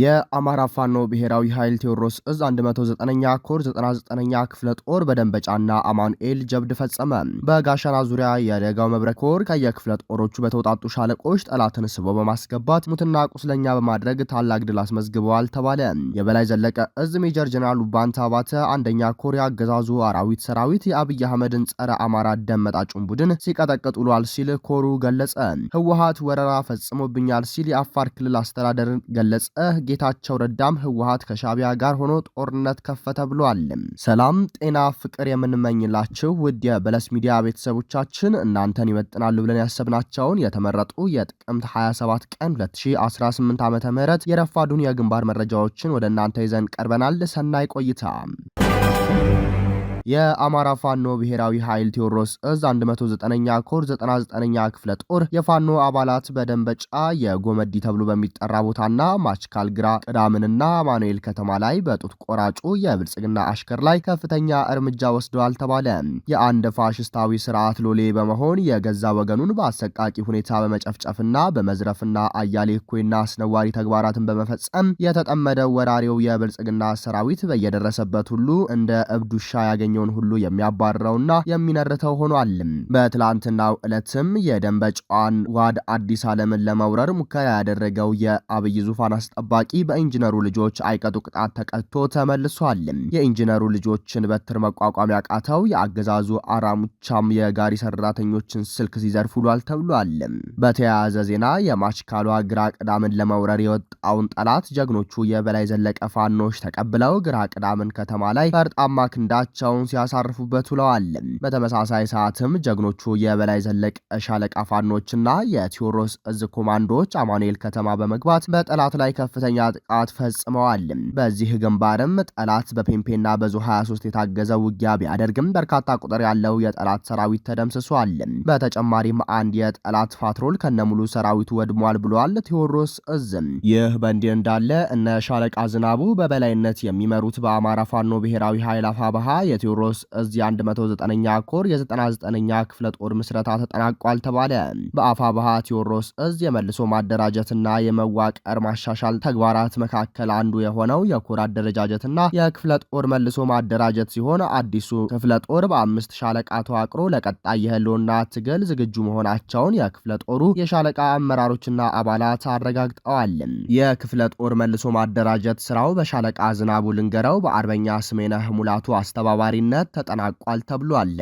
የአማራ ፋኖ ብሔራዊ ኃይል ቴዎድሮስ እዝ 199 ኛ ኮር 99ኛ ክፍለ ጦር በደንበጫና አማኑኤል ጀብድ ፈጸመ። በጋሸና ዙሪያ የደጋው መብረክ ኮር ከየክፍለ ጦሮቹ በተውጣጡ ሻለቆች ጠላትን ስቦ በማስገባት ሙትና ቁስለኛ በማድረግ ታላቅ ድል አስመዝግበዋል ተባለ። የበላይ ዘለቀ እዝ ሜጀር ጀነራል ባንታ ባተ አንደኛ ኮር ያገዛዙ አራዊት ሰራዊት የአብይ አህመድን ጸረ አማራ ደመጣጩን ቡድን ሲቀጠቅጥ ውሏል ሲል ኮሩ ገለጸ። ህወሀት ወረራ ፈጽሞብኛል ሲል የአፋር ክልል አስተዳደር ገለጸ። ጌታቸው ረዳም ህወሀት ከሻቢያ ጋር ሆኖ ጦርነት ከፈተ ብሏል። ሰላም፣ ጤና፣ ፍቅር የምንመኝላችሁ ውድ የበለስ ሚዲያ ቤተሰቦቻችን እናንተን ይመጥናሉ ብለን ያሰብናቸውን የተመረጡ የጥቅምት 27 ቀን 2018 ዓ ም የረፋዱን የግንባር መረጃዎችን ወደ እናንተ ይዘን ቀርበናል። ሰናይ ቆይታ የአማራ ፋኖ ብሔራዊ ኃይል ቴዎድሮስ እዝ 109ኛ ኮር 99ኛ ክፍለ ጦር የፋኖ አባላት በደንበጫ የጎመዲ ተብሎ በሚጠራ ቦታና ማችካል ግራ ቅዳምንና አማኑኤል ከተማ ላይ በጡት ቆራጩ የብልጽግና አሽከር ላይ ከፍተኛ እርምጃ ወስደዋል ተባለ። የአንድ ፋሽስታዊ ስርዓት ሎሌ በመሆን የገዛ ወገኑን በአሰቃቂ ሁኔታ በመጨፍጨፍና በመዝረፍና አያሌ እኩይና አስነዋሪ ተግባራትን በመፈጸም የተጠመደው ወራሪው የብልጽግና ሰራዊት በየደረሰበት ሁሉ እንደ እብዱሻ ውሻ ያገኘ ያገኘውን ሁሉ የሚያባርረውና የሚነርተው ሆኗል። በትላንትናው ዕለትም የደንበጫዋን ዋድ አዲስ ዓለምን ለመውረር ሙከራ ያደረገው የአብይ ዙፋን አስጠባቂ በኢንጂነሩ ልጆች አይቀጡ ቅጣት ተቀጥቶ ተመልሷል። የኢንጂነሩ ልጆችን በትር መቋቋም ያቃተው የአገዛዙ አራሙቻም የጋሪ ሰራተኞችን ስልክ ሲዘርፍ ውሏል ተብሏል። በተያያዘ ዜና የማችካሏ ግራ ቅዳምን ለመውረር የወጣውን ጠላት ጀግኖቹ የበላይ ዘለቀ ፋኖች ተቀብለው ግራ ቅዳምን ከተማ ላይ ፈርጣማ ክንዳቸውን ሌሊቱን ሲያሳርፉበት ውለዋል። በተመሳሳይ ሰዓትም ጀግኖቹ የበላይ ዘለቀ ሻለቃ ፋኖችና የቴዎድሮስ እዝ ኮማንዶዎች አማኑኤል ከተማ በመግባት በጠላት ላይ ከፍተኛ ጥቃት ፈጽመዋል። በዚህ ግንባርም ጠላት በፔምፔና በዙ 23 የታገዘ ውጊያ ቢያደርግም በርካታ ቁጥር ያለው የጠላት ሰራዊት ተደምስሷል። በተጨማሪም አንድ የጠላት ፓትሮል ከነሙሉ ሰራዊቱ ወድሟል ብሏል ቴዎድሮስ እዝም። ይህ በእንዲህ እንዳለ እነ ሻለቃ ዝናቡ በበላይነት የሚመሩት በአማራ ፋኖ ብሔራዊ ኃይል አፋባሃ ቴዎድሮስ እዝ 109ኛ ኮር የ99ኛ ክፍለ ጦር ምስረታ ተጠናቋል ተባለ። በአፋ ባሃ ቴዎድሮስ እዝ የመልሶ ማደራጀትና የመዋቀር ማሻሻል ተግባራት መካከል አንዱ የሆነው የኮር አደረጃጀትና የክፍለ ጦር መልሶ ማደራጀት ሲሆን አዲሱ ክፍለ ጦር በአምስት ሻለቃ ተዋቅሮ ለቀጣይ የህልውና ትግል ዝግጁ መሆናቸውን የክፍለ ጦሩ የሻለቃ አመራሮችና አባላት አረጋግጠዋል። የክፍለ ጦር መልሶ ማደራጀት ስራው በሻለቃ ዝናቡ ልንገረው፣ በአርበኛ ስሜነህ ሙላቱ አስተባባሪ አማካሪነት ተጠናቋል ተብሏል።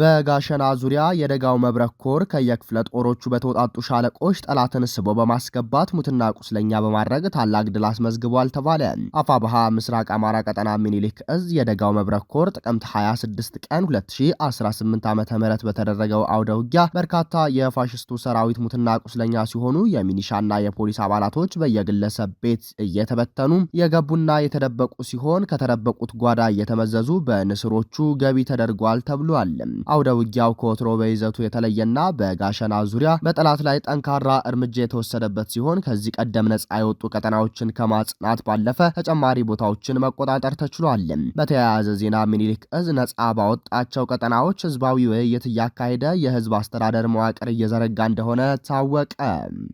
በጋሸና ዙሪያ የደጋው መብረክ ኮር ከየክፍለ ጦሮቹ በተውጣጡ ሻለቆች ጠላትን ስቦ በማስገባት ሙትና ቁስለኛ በማድረግ ታላቅ ድል አስመዝግቧል ተባለ። አፋብሃ ምስራቅ አማራ ቀጠና ሚኒሊክ እዝ የደጋው መብረክ ኮር ጥቅምት 26 ቀን 2018 ዓ ም በተደረገው አውደ ውጊያ በርካታ የፋሽስቱ ሰራዊት ሙትና ቁስለኛ ሲሆኑ የሚኒሻና የፖሊስ አባላቶች በየግለሰብ ቤት እየተበተኑ የገቡና የተደበቁ ሲሆን ከተደበቁት ጓዳ እየተመዘዙ በንስሮቹ ገቢ ተደርጓል ተብሏል። አውደ ውጊያው ከወትሮ በይዘቱ የተለየና በጋሸና ዙሪያ በጠላት ላይ ጠንካራ እርምጃ የተወሰደበት ሲሆን ከዚህ ቀደም ነጻ የወጡ ቀጠናዎችን ከማጽናት ባለፈ ተጨማሪ ቦታዎችን መቆጣጠር ተችሏል። በተያያዘ ዜና ሚኒሊክ እዝ ነጻ ባወጣቸው ቀጠናዎች ህዝባዊ ውይይት እያካሄደ የህዝብ አስተዳደር መዋቅር እየዘረጋ እንደሆነ ታወቀ።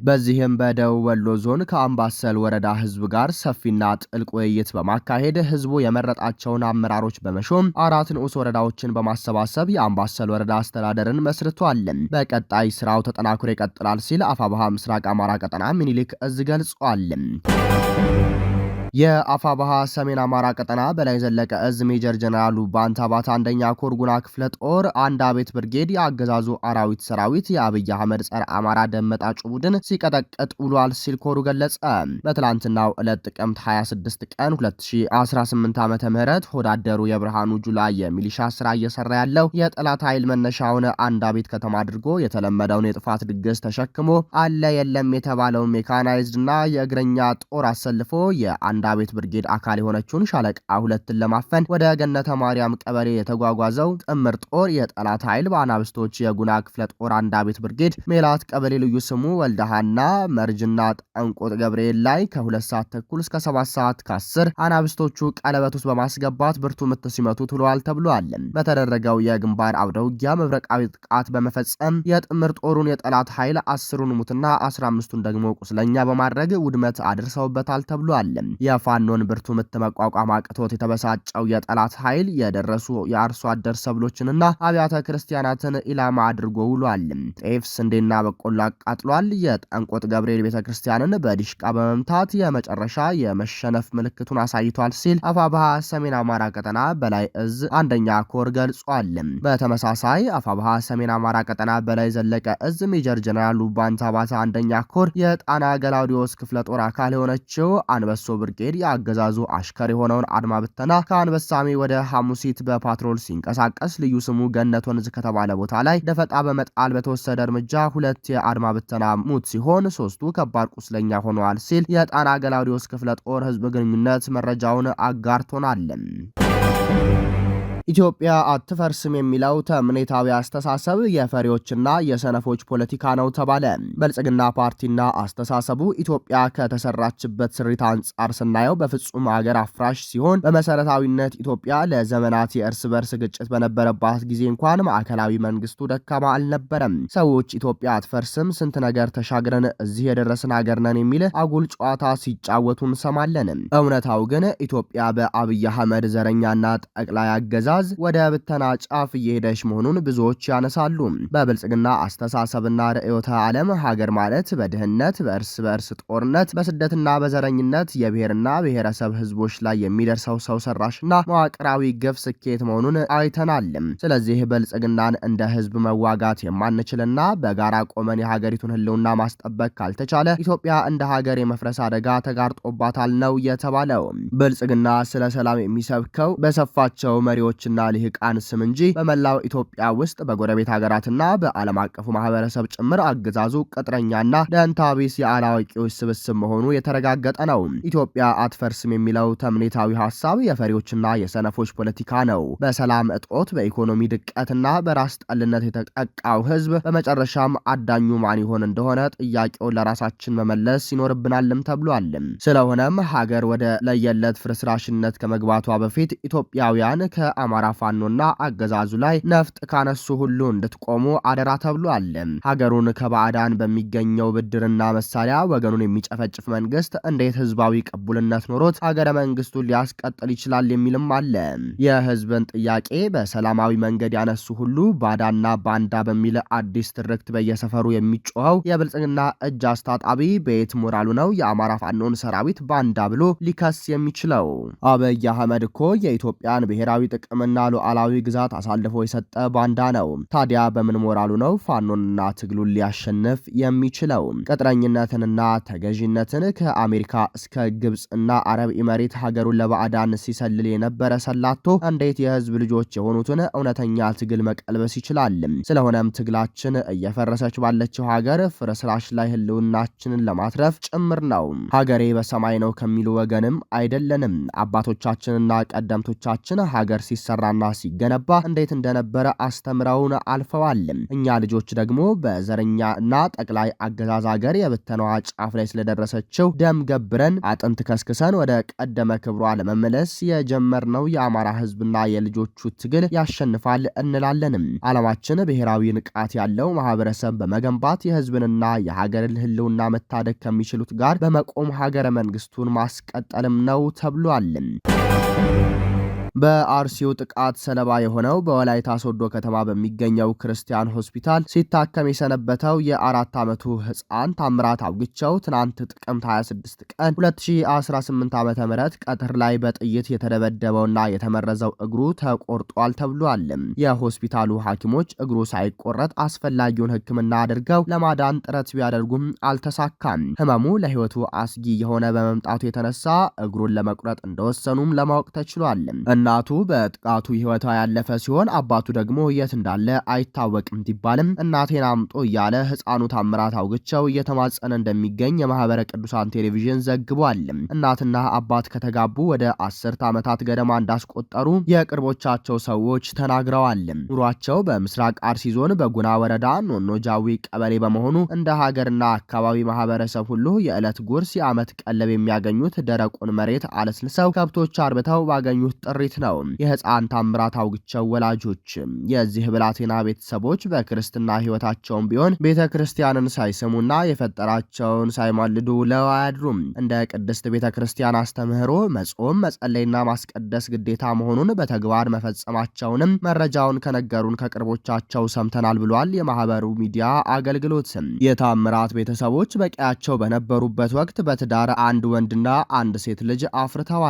በዚህም በደቡብ ወሎ ዞን ከአምባሰል ወረዳ ህዝብ ጋር ሰፊና ጥልቅ ውይይት በማካሄድ ህዝቡ የመረጣቸውን አመራሮች በመሾም አራት ንዑስ ወረዳዎችን በማሰባሰብ የአ የአምባሰል ወረዳ አስተዳደርን መስርቷል። በቀጣይ ስራው ተጠናክሮ ይቀጥላል ሲል አፋባሃ ምስራቅ አማራ ቀጠና ሚኒሊክ እዝ ገልጿል። የአፋባሃ ሰሜን አማራ ቀጠና በላይ ዘለቀ እዝ ሜጀር ጀነራሉ ባንታባት አንደኛ ኮር ጉና ክፍለ ጦር አንድ አቤት ብርጌድ የአገዛዙ አራዊት ሰራዊት የአብይ አህመድ ጸረ አማራ ደመጣጩ ቡድን ሲቀጠቀጥ ውሏል ሲል ኮሩ ገለጸ። በትላንትናው ዕለት ጥቅምት 26 ቀን 2018 ዓ ም ሆዳደሩ የብርሃኑ ጁላ የሚሊሻ ስራ እየሰራ ያለው የጠላት ኃይል መነሻውን አንድ አቤት ከተማ አድርጎ የተለመደውን የጥፋት ድግስ ተሸክሞ አለ የለም የተባለውን ሜካናይዝድና የእግረኛ ጦር አሰልፎ የአንድ ዳዊት ብርጌድ አካል የሆነችውን ሻለቃ ሁለትን ለማፈን ወደ ገነተ ማርያም ቀበሌ የተጓጓዘው ጥምር ጦር የጠላት ኃይል በአናብስቶች የጉና ክፍለ ጦር አንድ ብርጌድ ሜላት ቀበሌ ልዩ ስሙ ወልደሃና መርጅና ጠንቆጥ ገብርኤል ላይ ከሁለት ሰዓት ተኩል እስከ ሰባት ሰዓት ከአስር አናብስቶቹ ቀለበት ውስጥ በማስገባት ብርቱ ምት ሲመቱ ትሏል ተብሏል። በተደረገው የግንባር አውደ ውጊያ መብረቃዊ ጥቃት በመፈጸም የጥምር ጦሩን የጠላት ኃይል አስሩን ሙትና አስራ አምስቱን ደግሞ ቁስለኛ በማድረግ ውድመት አድርሰውበታል ተብሏል። የፋኖን ብርቱ ምት መቋቋም አቅቶት የተበሳጨው የጠላት ኃይል የደረሱ የአርሶ አደር ሰብሎችንና አብያተ ክርስቲያናትን ኢላማ አድርጎ ውሏል። ጤፍ፣ ስንዴና በቆሎ አቃጥሏል። የጠንቆት ገብርኤል ቤተ ክርስቲያንን በዲሽቃ በመምታት የመጨረሻ የመሸነፍ ምልክቱን አሳይቷል ሲል አፋብሃ ሰሜን አማራ ቀጠና በላይ እዝ አንደኛ ኮር ገልጿል። በተመሳሳይ አፋብሃ ሰሜን አማራ ቀጠና በላይ ዘለቀ እዝ ሜጀር ጀነራል ባንታ አንደኛ ኮር የጣና ገላውዲዮስ ክፍለ ጦር አካል የሆነችው አንበሶ ብር ብርጌድ የአገዛዙ አሽከር የሆነውን አድማ ብተና ከአንበሳሜ ወደ ሐሙሲት በፓትሮል ሲንቀሳቀስ ልዩ ስሙ ገነት ወንዝ ከተባለ ቦታ ላይ ደፈጣ በመጣል በተወሰደ እርምጃ ሁለት የአድማ ብተና ሙት ሲሆን ሶስቱ ከባድ ቁስለኛ ሆነዋል ሲል የጣና ገላውዲዮስ ክፍለ ጦር ህዝብ ግንኙነት መረጃውን አጋርቶናል። ኢትዮጵያ አትፈርስም የሚለው ተምኔታዊ አስተሳሰብ የፈሪዎችና የሰነፎች ፖለቲካ ነው ተባለ። ብልጽግና ፓርቲና አስተሳሰቡ ኢትዮጵያ ከተሰራችበት ስሪት አንጻር ስናየው በፍጹም ሀገር አፍራሽ ሲሆን በመሰረታዊነት ኢትዮጵያ ለዘመናት የእርስ በርስ ግጭት በነበረባት ጊዜ እንኳን ማዕከላዊ መንግስቱ ደካማ አልነበረም። ሰዎች ኢትዮጵያ አትፈርስም፣ ስንት ነገር ተሻግረን እዚህ የደረስን አገር ነን የሚል አጉል ጨዋታ ሲጫወቱ እንሰማለን። እውነታው ግን ኢትዮጵያ በአብይ አህመድ ዘረኛና ጠቅላይ አገዛ አያያዝ ወደ ብተና ጫፍ እየሄደች መሆኑን ብዙዎች ያነሳሉ። በብልጽግና አስተሳሰብና ርዕዮተ ዓለም ሀገር ማለት በድህነት፣ በእርስ በእርስ ጦርነት፣ በስደትና በዘረኝነት የብሔርና ብሔረሰብ ህዝቦች ላይ የሚደርሰው ሰው ሰራሽና መዋቅራዊ ግፍ ስኬት መሆኑን አይተናል። ስለዚህ ብልጽግናን እንደ ህዝብ መዋጋት የማንችልና በጋራ ቆመን የሀገሪቱን ህልውና ማስጠበቅ ካልተቻለ ኢትዮጵያ እንደ ሀገር የመፍረስ አደጋ ተጋርጦባታል ነው የተባለው። ብልጽግና ስለ ሰላም የሚሰብከው በሰፋቸው መሪዎች ሰዎችና ልሂቃን ስም እንጂ በመላው ኢትዮጵያ ውስጥ በጎረቤት ሀገራትና በዓለም አቀፉ ማህበረሰብ ጭምር አገዛዙ ቅጥረኛና ደንታቢስ የአላዋቂዎች ስብስብ መሆኑ የተረጋገጠ ነው። ኢትዮጵያ አትፈርስም የሚለው ተምኔታዊ ሀሳብ የፈሪዎችና የሰነፎች ፖለቲካ ነው። በሰላም እጦት፣ በኢኮኖሚ ድቀትና በራስ ጠልነት የተጠቃው ህዝብ በመጨረሻም አዳኙ ማን ይሆን እንደሆነ ጥያቄውን ለራሳችን መመለስ ይኖርብናልም ተብሏል። ስለሆነም ሀገር ወደ ለየለት ፍርስራሽነት ከመግባቷ በፊት ኢትዮጵያውያን ከአማ የአማራ ፋኖና አገዛዙ ላይ ነፍጥ ካነሱ ሁሉ እንድትቆሙ አደራ ተብሎ አለ። ሀገሩን ከባዕዳን በሚገኘው ብድርና መሳሪያ ወገኑን የሚጨፈጭፍ መንግስት እንዴት ህዝባዊ ቅቡልነት ኖሮት ሀገረ መንግስቱን ሊያስቀጥል ይችላል የሚልም አለ። የህዝብን ጥያቄ በሰላማዊ መንገድ ያነሱ ሁሉ ባዳና ባንዳ በሚል አዲስ ትርክት በየሰፈሩ የሚጮኸው የብልጽግና እጅ አስታጣቢ በየት ሞራሉ ነው የአማራ ፋኖን ሰራዊት ባንዳ ብሎ ሊከስ የሚችለው? አብይ አህመድ እኮ የኢትዮጵያን ብሔራዊ ጥቅም ጥቅምና ሉዓላዊ ግዛት አሳልፎ የሰጠ ባንዳ ነው። ታዲያ በምን ሞራሉ ነው ፋኖንና ትግሉን ሊያሸንፍ የሚችለው? ቅጥረኝነትንና ተገዥነትን ከአሜሪካ እስከ እና አረብ ኢመሬት ሀገሩን ለባዕዳን ሲሰልል የነበረ ሰላቶ እንዴት የህዝብ ልጆች የሆኑትን እውነተኛ ትግል መቀልበስ ይችላል? ስለሆነም ትግላችን እየፈረሰች ባለችው ሀገር ፍርስራሽ ላይ ህልውናችንን ለማትረፍ ጭምር ነው። ሀገሬ በሰማይ ነው ከሚሉ ወገንም አይደለንም። አባቶቻችንና ቀደምቶቻችን ሀገር ሲሰ ሲሰራና ሲገነባ እንዴት እንደነበረ አስተምረውን አልፈዋል። እኛ ልጆች ደግሞ በዘረኛና ጠቅላይ አገዛዝ ሀገር የበተናዋ ጫፍ ላይ ስለደረሰችው ደም ገብረን አጥንት ከስክሰን ወደ ቀደመ ክብሯ ለመመለስ የጀመርነው የአማራ ህዝብና የልጆቹ ትግል ያሸንፋል እንላለንም። አለማችን ብሔራዊ ንቃት ያለው ማህበረሰብ በመገንባት የህዝብንና የሀገርን ህልውና መታደግ ከሚችሉት ጋር በመቆም ሀገረ መንግስቱን ማስቀጠልም ነው ተብሏል። በአርሲው ጥቃት ሰለባ የሆነው በወላይታ ሶዶ ከተማ በሚገኘው ክርስቲያን ሆስፒታል ሲታከም የሰነበተው የአራት ዓመቱ ህፃን ታምራት አውግቸው ትናንት ጥቅምት 26 ቀን 2018 ዓ ም ቀትር ላይ በጥይት የተደበደበውና የተመረዘው እግሩ ተቆርጧል ተብሏል። የሆስፒታሉ ሐኪሞች እግሩ ሳይቆረጥ አስፈላጊውን ሕክምና አድርገው ለማዳን ጥረት ቢያደርጉም አልተሳካም። ህመሙ ለህይወቱ አስጊ የሆነ በመምጣቱ የተነሳ እግሩን ለመቁረጥ እንደወሰኑም ለማወቅ ተችሏል። እናቱ በጥቃቱ ህይወቷ ያለፈ ሲሆን አባቱ ደግሞ የት እንዳለ አይታወቅም ሲባልም እናቴን አምጦ እያለ ህፃኑ ታምራት አውግቸው እየተማጸነ እንደሚገኝ የማህበረ ቅዱሳን ቴሌቪዥን ዘግቧል። እናትና አባት ከተጋቡ ወደ አስርት ዓመታት ገደማ እንዳስቆጠሩ የቅርቦቻቸው ሰዎች ተናግረዋል። ኑሯቸው በምስራቅ አርሲ ዞን በጉና ወረዳ ኖኖ ጃዊ ቀበሌ በመሆኑ እንደ ሀገርና አካባቢ ማህበረሰብ ሁሉ የዕለት ጉርስ፣ የዓመት ቀለብ የሚያገኙት ደረቁን መሬት አለስልሰው ከብቶች አርብተው ባገኙት ጥሪት ቤት ነው። የህፃን ታምራት አውግቸው ወላጆች የዚህ ብላቴና ቤተሰቦች በክርስትና ህይወታቸውም ቢሆን ቤተ ክርስቲያንን ሳይስሙና የፈጠራቸውን ሳይማልዱ ውለው አያድሩም። እንደ ቅድስት ቤተ ክርስቲያን አስተምህሮ መጾም መጸለይና ማስቀደስ ግዴታ መሆኑን በተግባር መፈጸማቸውንም መረጃውን ከነገሩን ከቅርቦቻቸው ሰምተናል ብሏል የማህበሩ ሚዲያ አገልግሎት። የታምራት ቤተሰቦች በቀያቸው በነበሩበት ወቅት በትዳር አንድ ወንድና አንድ ሴት ልጅ አፍርተዋል።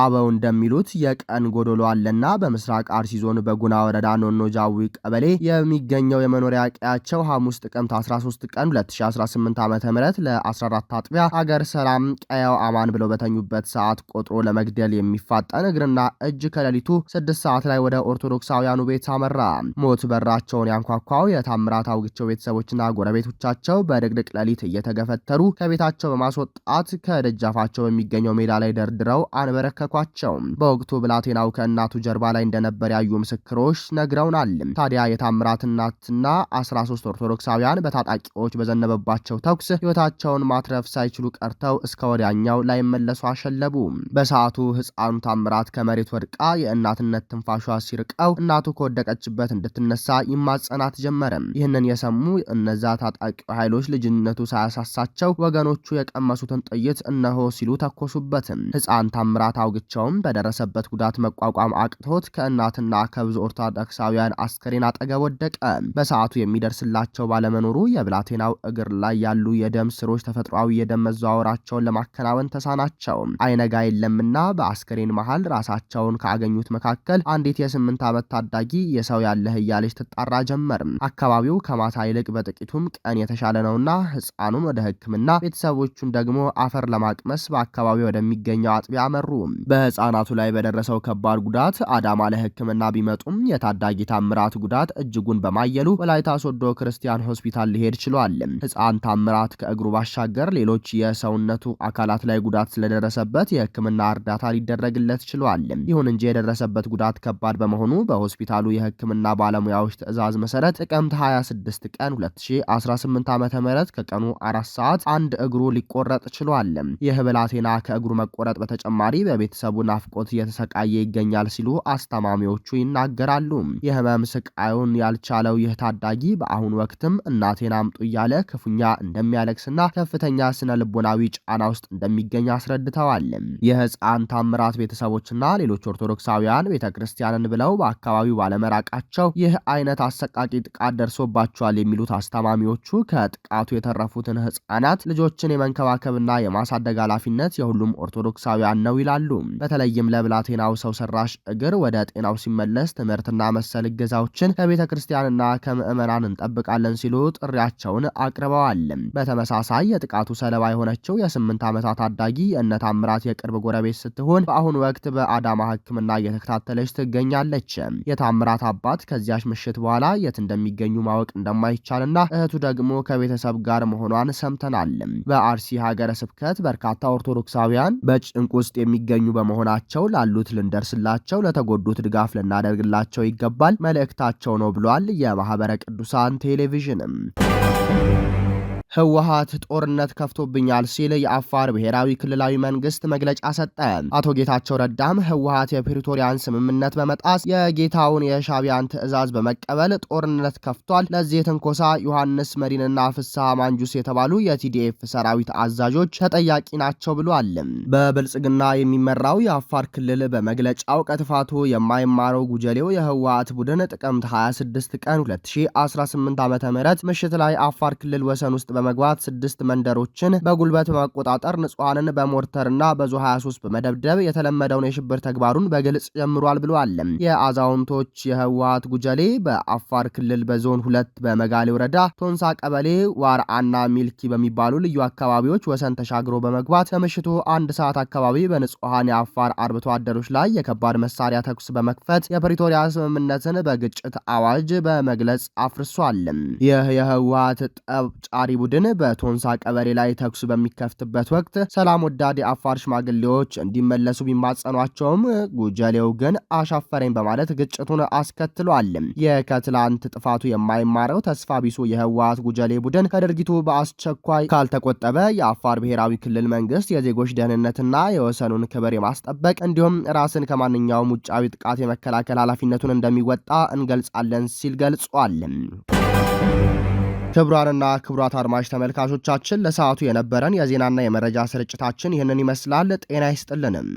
አበው እንደሚሉት የቀ ቀን ጎዶሎ አለና በምስራቅ አርሲ ዞን በጉና ወረዳ ኖኖ ጃዊ ቀበሌ የሚገኘው የመኖሪያ ቀያቸው ሐሙስ ጥቅምት 13 ቀን 2018 ዓ ም ለ14 አጥቢያ አገር ሰላም ቀያው አማን ብለው በተኙበት ሰዓት ቆጥሮ ለመግደል የሚፋጠን እግርና እጅ ከሌሊቱ ስድስት ሰዓት ላይ ወደ ኦርቶዶክሳውያኑ ቤት አመራ። ሞት በራቸውን ያንኳኳው የታምራት አውግቸው ቤተሰቦችና ጎረቤቶቻቸው በድቅድቅ ሌሊት እየተገፈተሩ ከቤታቸው በማስወጣት ከደጃፋቸው በሚገኘው ሜዳ ላይ ደርድረው አንበረከኳቸው። በወቅቱ ብላ ብላቴናው ከእናቱ ጀርባ ላይ እንደነበር ያዩ ምስክሮች ነግረውናል። ታዲያ የታምራት እናትና 13 ኦርቶዶክሳውያን በታጣቂዎች በዘነበባቸው ተኩስ ህይወታቸውን ማትረፍ ሳይችሉ ቀርተው እስከ ወዲያኛው ላይመለሱ አሸለቡ። በሰዓቱ ህፃኑ ታምራት ከመሬት ወድቃ የእናትነት ትንፋሿ ሲርቀው እናቱ ከወደቀችበት እንድትነሳ ይማጸናት ጀመረ። ይህንን የሰሙ እነዛ ታጣቂ ኃይሎች ልጅነቱ ሳያሳሳቸው ወገኖቹ የቀመሱትን ጥይት እነሆ ሲሉ ተኮሱበትም። ህፃን ታምራት አውግቸውም በደረሰበት ጉዳት ጉዳት መቋቋም አቅቶት ከእናትና ከብዙ ኦርቶዶክሳውያን አስከሬን አጠገብ ወደቀ። በሰዓቱ የሚደርስላቸው ባለመኖሩ የብላቴናው እግር ላይ ያሉ የደም ስሮች ተፈጥሯዊ የደም መዘዋወራቸውን ለማከናወን ተሳናቸው። አይነጋ የለምና በአስከሬን መሃል ራሳቸውን ካገኙት መካከል አንዲት የስምንት ዓመት ታዳጊ የሰው ያለህ እያለች ትጣራ ጀመር። አካባቢው ከማታ ይልቅ በጥቂቱም ቀን የተሻለ ነውና ህፃኑን ወደ ሕክምና ቤተሰቦቹን ደግሞ አፈር ለማቅመስ በአካባቢው ወደሚገኘው አጥቢያ አመሩ። በህፃናቱ ላይ በደረሰው በደረሰው ከባድ ጉዳት አዳማ ለሕክምና ቢመጡም የታዳጊ ታምራት ጉዳት እጅጉን በማየሉ ወላይታ ሶዶ ክርስቲያን ሆስፒታል ሊሄድ ችሏል። ሕፃን ታምራት ከእግሩ ባሻገር ሌሎች የሰውነቱ አካላት ላይ ጉዳት ስለደረሰበት የሕክምና እርዳታ ሊደረግለት ችሏል። ይሁን እንጂ የደረሰበት ጉዳት ከባድ በመሆኑ በሆስፒታሉ የሕክምና ባለሙያዎች ትዕዛዝ መሰረት ጥቅምት 26 ቀን 2018 ም ከቀኑ አራት ሰዓት አንድ እግሩ ሊቆረጥ ችሏል። ይህ ብላቴና ከእግሩ መቆረጥ በተጨማሪ በቤተሰቡ ናፍቆት እየተሰቃየ እያሳየ ይገኛል ሲሉ አስተማሚዎቹ ይናገራሉ። የህመም ስቃዩን ያልቻለው ይህ ታዳጊ በአሁኑ ወቅትም እናቴን አምጡ እያለ ክፉኛ እንደሚያለቅስና ከፍተኛ ስነ ልቦናዊ ጫና ውስጥ እንደሚገኝ አስረድተዋል። የህፃን ታምራት ቤተሰቦችና ሌሎች ኦርቶዶክሳውያን ቤተ ክርስቲያንን ብለው በአካባቢው ባለመራቃቸው ይህ አይነት አሰቃቂ ጥቃት ደርሶባቸዋል የሚሉት አስተማሚዎቹ ከጥቃቱ የተረፉትን ህፃናት ልጆችን የመንከባከብና የማሳደግ ኃላፊነት የሁሉም ኦርቶዶክሳውያን ነው ይላሉ። በተለይም ለብላቴናው ሰው ሰራሽ እግር ወደ ጤናው ሲመለስ ትምህርትና መሰል እገዛዎችን ከቤተ ክርስቲያንና ከምዕመናን እንጠብቃለን ሲሉ ጥሪያቸውን አቅርበዋል። በተመሳሳይ የጥቃቱ ሰለባ የሆነችው የስምንት ዓመታት ታዳጊ እነ ታምራት የቅርብ ጎረቤት ስትሆን በአሁኑ ወቅት በአዳማ ሕክምና እየተከታተለች ትገኛለች። የታምራት አባት ከዚያች ምሽት በኋላ የት እንደሚገኙ ማወቅ እንደማይቻልና እህቱ ደግሞ ከቤተሰብ ጋር መሆኗን ሰምተናል። በአርሲ ሀገረ ስብከት በርካታ ኦርቶዶክሳውያን በጭንቅ ውስጥ የሚገኙ በመሆናቸው ላሉት ልንደርስላቸው፣ ለተጎዱት ድጋፍ ልናደርግላቸው ይገባል መልእክታቸው ነው ብሏል የማህበረ ቅዱሳን ቴሌቪዥንም ህወሀት ጦርነት ከፍቶብኛል ሲል የአፋር ብሔራዊ ክልላዊ መንግስት መግለጫ ሰጠ። አቶ ጌታቸው ረዳም ህወሀት የፕሪቶሪያን ስምምነት በመጣስ የጌታውን የሻቢያን ትዕዛዝ በመቀበል ጦርነት ከፍቷል። ለዚህ ትንኮሳ ዮሐንስ መሪንና ፍስሐ ማንጁስ የተባሉ የቲዲኤፍ ሰራዊት አዛዦች ተጠያቂ ናቸው ብሏል። በብልጽግና የሚመራው የአፋር ክልል በመግለጫው ከጥፋቱ የማይማረው ጉጀሌው የህወሀት ቡድን ጥቅምት 26 ቀን 2018 ዓ ም ምሽት ላይ አፋር ክልል ወሰን ውስጥ በመግባት ስድስት መንደሮችን በጉልበት በመቆጣጠር ንጹሐንን በሞርተርና በዙ 23 በመደብደብ የተለመደውን የሽብር ተግባሩን በግልጽ ጀምሯል ብለዋል። የአዛውንቶች የህወሀት ጉጀሌ በአፋር ክልል በዞን ሁለት በመጋሌ ወረዳ ቶንሳ ቀበሌ ዋርአና ሚልኪ በሚባሉ ልዩ አካባቢዎች ወሰን ተሻግሮ በመግባት ከምሽቱ አንድ ሰዓት አካባቢ በንጹሐን የአፋር አርብቶ አደሮች ላይ የከባድ መሳሪያ ተኩስ በመክፈት የፕሪቶሪያ ስምምነትን በግጭት አዋጅ በመግለጽ አፍርሷል። ይህ የህወሀት ጠብ ጫሪ ቡድን በቶንሳ ቀበሌ ላይ ተኩስ በሚከፍትበት ወቅት ሰላም ወዳድ የአፋር ሽማግሌዎች እንዲመለሱ ቢማጸኗቸውም ጉጀሌው ግን አሻፈረኝ በማለት ግጭቱን አስከትሏል። የከትላንት ጥፋቱ የማይማረው ተስፋ ቢሱ የህወሓት ጉጀሌ ቡድን ከድርጊቱ በአስቸኳይ ካልተቆጠበ የአፋር ብሔራዊ ክልል መንግስት የዜጎች ደህንነትና የወሰኑን ክብር የማስጠበቅ እንዲሁም ራስን ከማንኛውም ውጫዊ ጥቃት የመከላከል ኃላፊነቱን እንደሚወጣ እንገልጻለን ሲል ገልጿል። ክቡራንና ክቡራት አድማጭ ተመልካቾቻችን ለሰዓቱ የነበረን የዜናና የመረጃ ስርጭታችን ይህንን ይመስላል። ጤና ይስጥልንም።